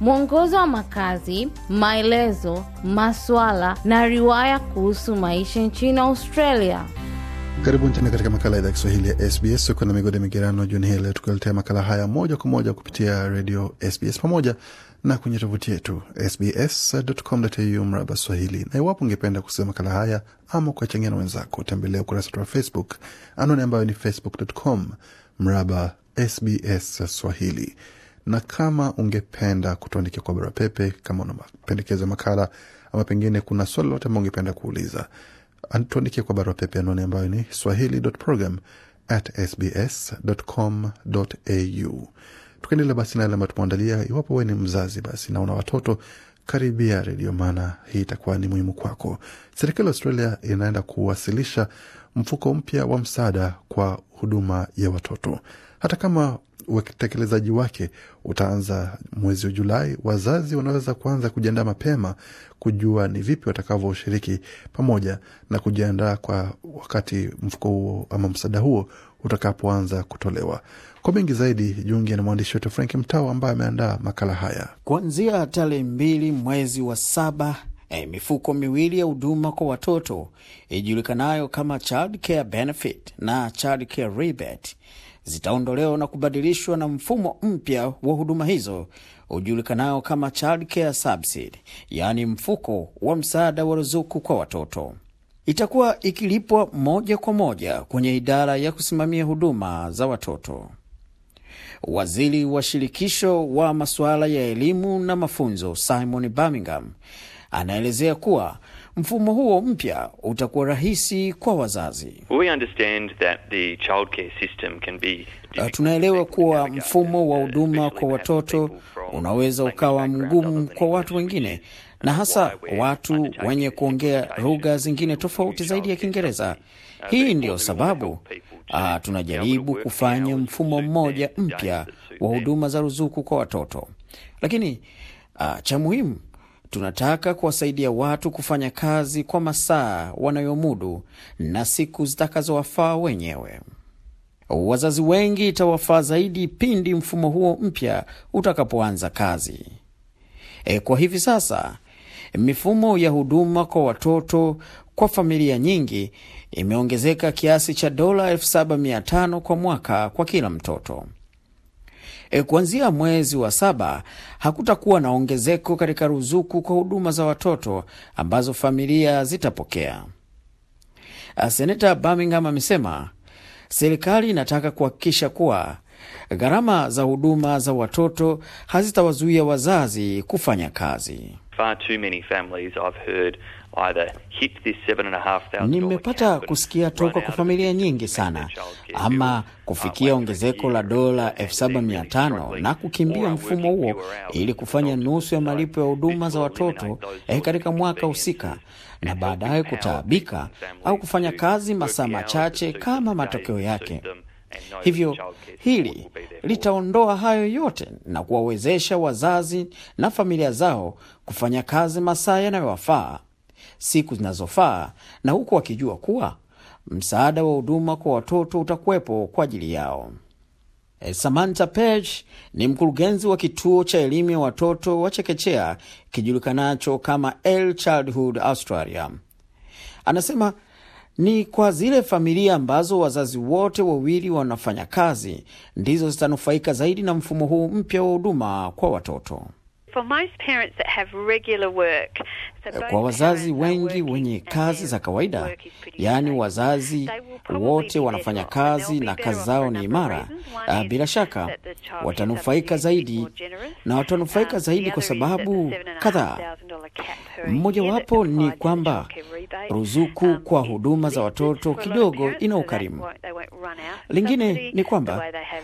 mwongozo wa makazi, maelezo, maswala na riwaya kuhusu maisha nchini Australia. Karibuni tena katika makala ya idhaa Kiswahili ya SBS. Uko na migode migerano jioni hii leo, makala haya moja kwa moja kupitia redio SBS pamoja na kwenye tovuti yetu sbscu mraba Swahili. Na iwapo ungependa kusikiza makala haya ama kuwachangia na wenzako, tembelea ukurasa wetu wa Facebook, anwani ambayo ni facebook.com mraba SBS Swahili na kama ungependa kutuandikia kwa barua pepe, kama unapendekeza makala ama pengine kuna swali lolote ambao ungependa kuuliza, tuandikie kwa barua pepe anwani ambayo ni swahili.program Tukaendelea basi na yale ambayo tumeandalia. Iwapo wewe ni mzazi basi na una watoto, karibia redio, maana hii itakuwa ni muhimu kwako. Serikali ya Australia inaenda kuwasilisha mfuko mpya wa msaada kwa huduma ya watoto. Hata kama utekelezaji wake utaanza mwezi wa Julai, wazazi wanaweza kuanza kujiandaa mapema kujua ni vipi watakavyoshiriki, pamoja na kujiandaa kwa wakati mfuko huo ama msaada huo utakapoanza kutolewa. Kwa mengi zaidi, jiunge na mwandishi wetu Frank Mtao ambaye ameandaa makala haya. Kuanzia tarehe mbili mwezi wa saba eh, mifuko miwili ya huduma kwa watoto ijulikanayo kama Child Care Benefit na Child Care Rebate zitaondolewa na kubadilishwa na mfumo mpya wa huduma hizo ujulikanayo kama Child Care Subsidy, yaani mfuko wa msaada wa ruzuku kwa watoto. Itakuwa ikilipwa moja kwa moja kwenye idara ya kusimamia huduma za watoto. Waziri wa shirikisho wa masuala ya elimu na mafunzo Simon Birmingham Anaelezea kuwa mfumo huo mpya utakuwa rahisi kwa wazazi. Uh, tunaelewa kuwa mfumo wa uh, huduma kwa watoto unaweza ukawa mgumu kwa watu wengine na hasa watu wenye kuongea lugha zingine tofauti zaidi ya Kiingereza. Uh, Hii ndiyo sababu tunajaribu kufanya mfumo mmoja mpya wa huduma za ruzuku kwa watoto, lakini a, cha muhimu Tunataka kuwasaidia watu kufanya kazi kwa masaa wanayomudu na siku zitakazowafaa wenyewe. Wazazi wengi itawafaa zaidi pindi mfumo huo mpya utakapoanza kazi. E, kwa hivi sasa mifumo ya huduma kwa watoto kwa familia nyingi imeongezeka kiasi cha dola 7500 kwa mwaka kwa kila mtoto. E, kuanzia mwezi wa saba hakutakuwa na ongezeko katika ruzuku kwa huduma za watoto ambazo familia zitapokea. Senata Birmingham amesema serikali inataka kuhakikisha kuwa gharama za huduma za watoto hazitawazuia wazazi kufanya kazi far too many families I've heard either hit this $7,500. Nimepata kusikia toka kwa familia nyingi sana ama uh, kufikia ongezeko la dola 7500 na kukimbia mfumo huo ili kufanya nusu ya malipo ya huduma za watoto eh, katika mwaka husika na baadaye kutaabika au kufanya kazi masaa machache kama matokeo yake Hivyo hili litaondoa hayo yote na kuwawezesha wazazi na familia zao kufanya kazi masaa yanayowafaa, siku zinazofaa, na huku wakijua kuwa msaada wa huduma kwa watoto utakuwepo kwa ajili yao. Eh, Samantha Page ni mkurugenzi wa kituo cha elimu ya watoto wa chekechea kijulikanacho kama Early Childhood Australia. Anasema ni kwa zile familia ambazo wazazi wote wawili wanafanya kazi ndizo zitanufaika zaidi na mfumo huu mpya wa huduma kwa watoto. Eh, kwa wazazi wengi wenye kazi za kawaida, yaani wazazi wote wanafanya kazi na kazi zao ni imara, ah, bila shaka watanufaika zaidi, na watanufaika um, zaidi kwa sababu kadhaa. Mmojawapo um, ni kwamba ruzuku kwa huduma za watoto kidogo ina ukarimu. Lingine ni kwamba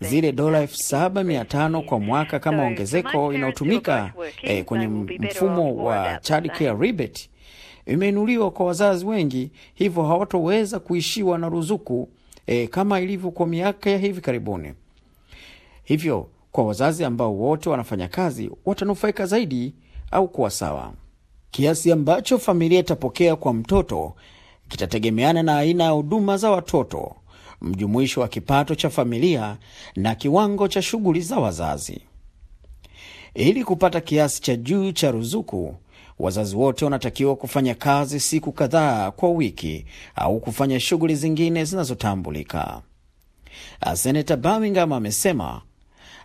zile dola 75 um, kwa mwaka kama ongezeko inayotumika eh, kwenye mfumo wa childcare rebate imeinuliwa kwa wazazi wengi, hivyo hawatoweza kuishiwa na ruzuku eh, kama ilivyo kwa miaka ya hivi karibuni. Hivyo kwa wazazi ambao wote wanafanya kazi watanufaika zaidi au kuwa sawa. Kiasi ambacho familia itapokea kwa mtoto kitategemeana na aina ya huduma za watoto, mjumuisho wa kipato cha familia na kiwango cha shughuli za wazazi. Ili kupata kiasi cha juu cha ruzuku, wazazi wote wanatakiwa kufanya kazi siku kadhaa kwa wiki au kufanya shughuli zingine zinazotambulika. Seneta Birmingham amesema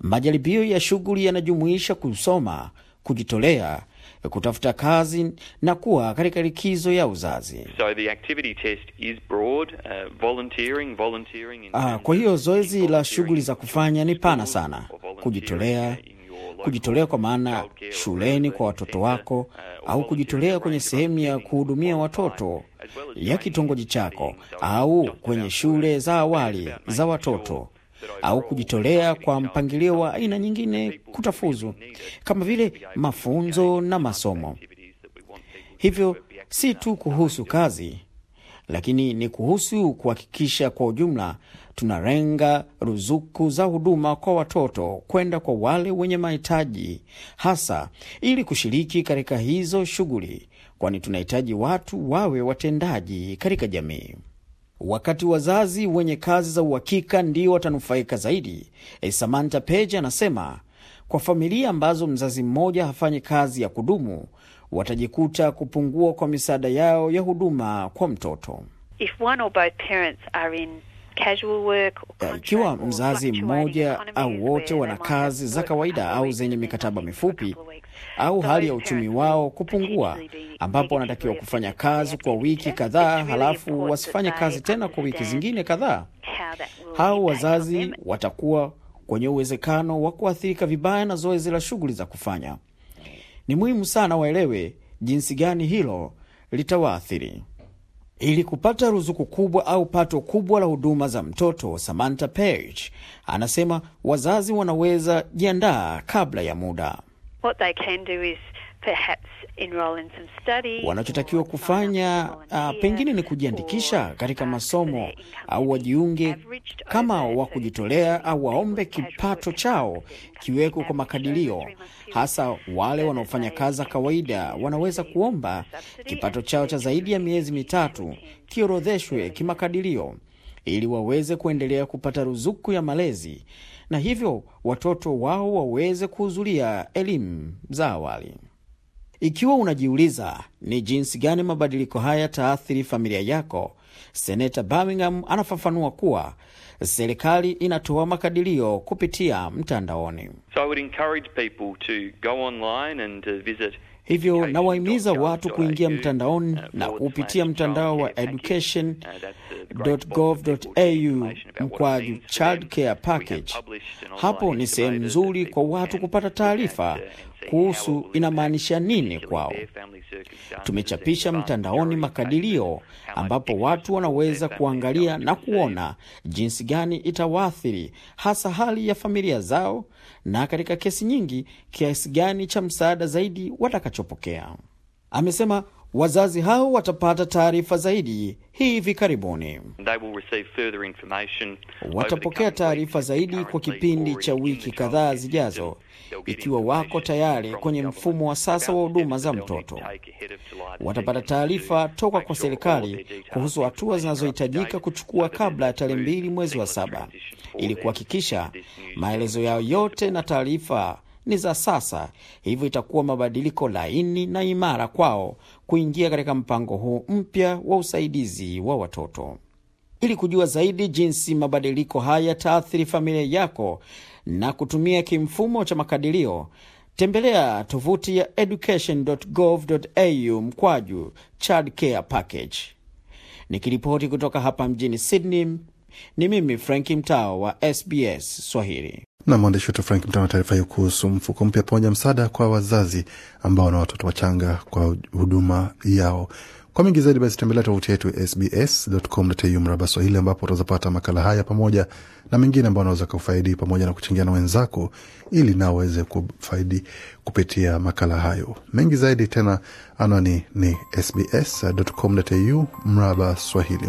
majaribio ya shughuli yanajumuisha kusoma, kujitolea kutafuta kazi na kuwa katika likizo ya uzazi. So the activity test is broad, uh, volunteering, volunteering in... Ah, kwa hiyo zoezi la shughuli za kufanya ni pana sana: kujitolea, kujitolea kwa maana shuleni kwa watoto wako, au kujitolea kwenye sehemu ya kuhudumia watoto ya kitongoji chako, au kwenye shule za awali za watoto au kujitolea kwa mpangilio wa aina nyingine kutafuzu, kama vile mafunzo na masomo. Hivyo si tu kuhusu kazi, lakini ni kuhusu kuhakikisha kwa ujumla tunalenga ruzuku za huduma kwa watoto kwenda kwa wale wenye mahitaji hasa, ili kushiriki katika hizo shughuli, kwani tunahitaji watu wawe watendaji katika jamii. Wakati wazazi wenye kazi za uhakika ndio watanufaika zaidi. E, Samantha Page anasema kwa familia ambazo mzazi mmoja hafanyi kazi ya kudumu, watajikuta kupungua kwa misaada yao ya huduma kwa mtoto. If one or both parents are in eh, ikiwa mzazi mmoja au wote wana kazi za kawaida au zenye mikataba mifupi au hali ya uchumi wao kupungua, ambapo wanatakiwa kufanya kazi kwa wiki kadhaa halafu wasifanye kazi tena kwa wiki zingine kadhaa, hao wazazi watakuwa kwenye uwezekano wa kuathirika vibaya na zoezi la shughuli za kufanya. Ni muhimu sana waelewe jinsi gani hilo litawaathiri. Ili kupata ruzuku kubwa au pato kubwa la huduma za mtoto, Samantha Page anasema wazazi wanaweza jiandaa kabla ya muda. What they can do is perhaps wanachotakiwa kufanya uh, pengine ni kujiandikisha katika uh, masomo au wajiunge kama wa kujitolea au waombe kipato chao kiweko kwa makadirio. Hasa wale wanaofanya kazi za kawaida wanaweza kuomba kipato chao cha zaidi ya miezi mitatu kiorodheshwe kimakadirio ili waweze kuendelea kupata ruzuku ya malezi na hivyo watoto wao waweze kuhudhuria elimu za awali. Ikiwa unajiuliza ni jinsi gani mabadiliko haya taathiri familia yako, seneta Birmingham anafafanua kuwa serikali inatoa makadirio kupitia mtandaoni. So I would encourage people to go online and uh, visit Hivyo nawahimiza watu kuingia mtandaoni na kupitia mtandao wa uh, education.gov.au mkwaju childcare package. Hapo ni sehemu nzuri kwa watu kupata taarifa kuhusu inamaanisha nini kwao. Tumechapisha mtandaoni makadirio ambapo watu wanaweza kuangalia na kuona jinsi gani itawaathiri hasa hali ya familia zao na katika kesi nyingi kiasi gani cha msaada zaidi watakachopokea. Amesema Wazazi hao watapata taarifa zaidi hivi karibuni. Watapokea taarifa zaidi kwa kipindi cha wiki kadhaa zijazo, ikiwa wako tayari kwenye mfumo wa sasa wa huduma za mtoto. Watapata taarifa toka kwa serikali kuhusu hatua zinazohitajika kuchukua kabla ya tarehe mbili mwezi wa saba ili kuhakikisha maelezo yao yote na taarifa ni za sasa, hivyo itakuwa mabadiliko laini na imara kwao kuingia katika mpango huu mpya wa usaidizi wa watoto. Ili kujua zaidi jinsi mabadiliko haya yataathiri familia yako na kutumia kimfumo cha makadirio, tembelea tovuti ya education.gov.au mkwaju childcare package. Nikiripoti kutoka hapa mjini Sydney, ni mimi Franki Mtao wa SBS Swahili. Na mwandishi wetu Frank Mtana taarifa hiyo kuhusu mfuko mpya pamoja msaada kwa wazazi ambao na watoto wachanga kwa huduma yao. Kwa mingi zaidi, basi tembelea tovuti yetu sbs.com.au mraba Swahili, ambapo pata makala haya pamoja na mengine ambayo unaweza kufaidi pamoja na kuchangia na wenzako, ili nao waweze kufaidi kupitia makala hayo. Mengi zaidi tena, anwani ni sbs.com.au mraba Swahili.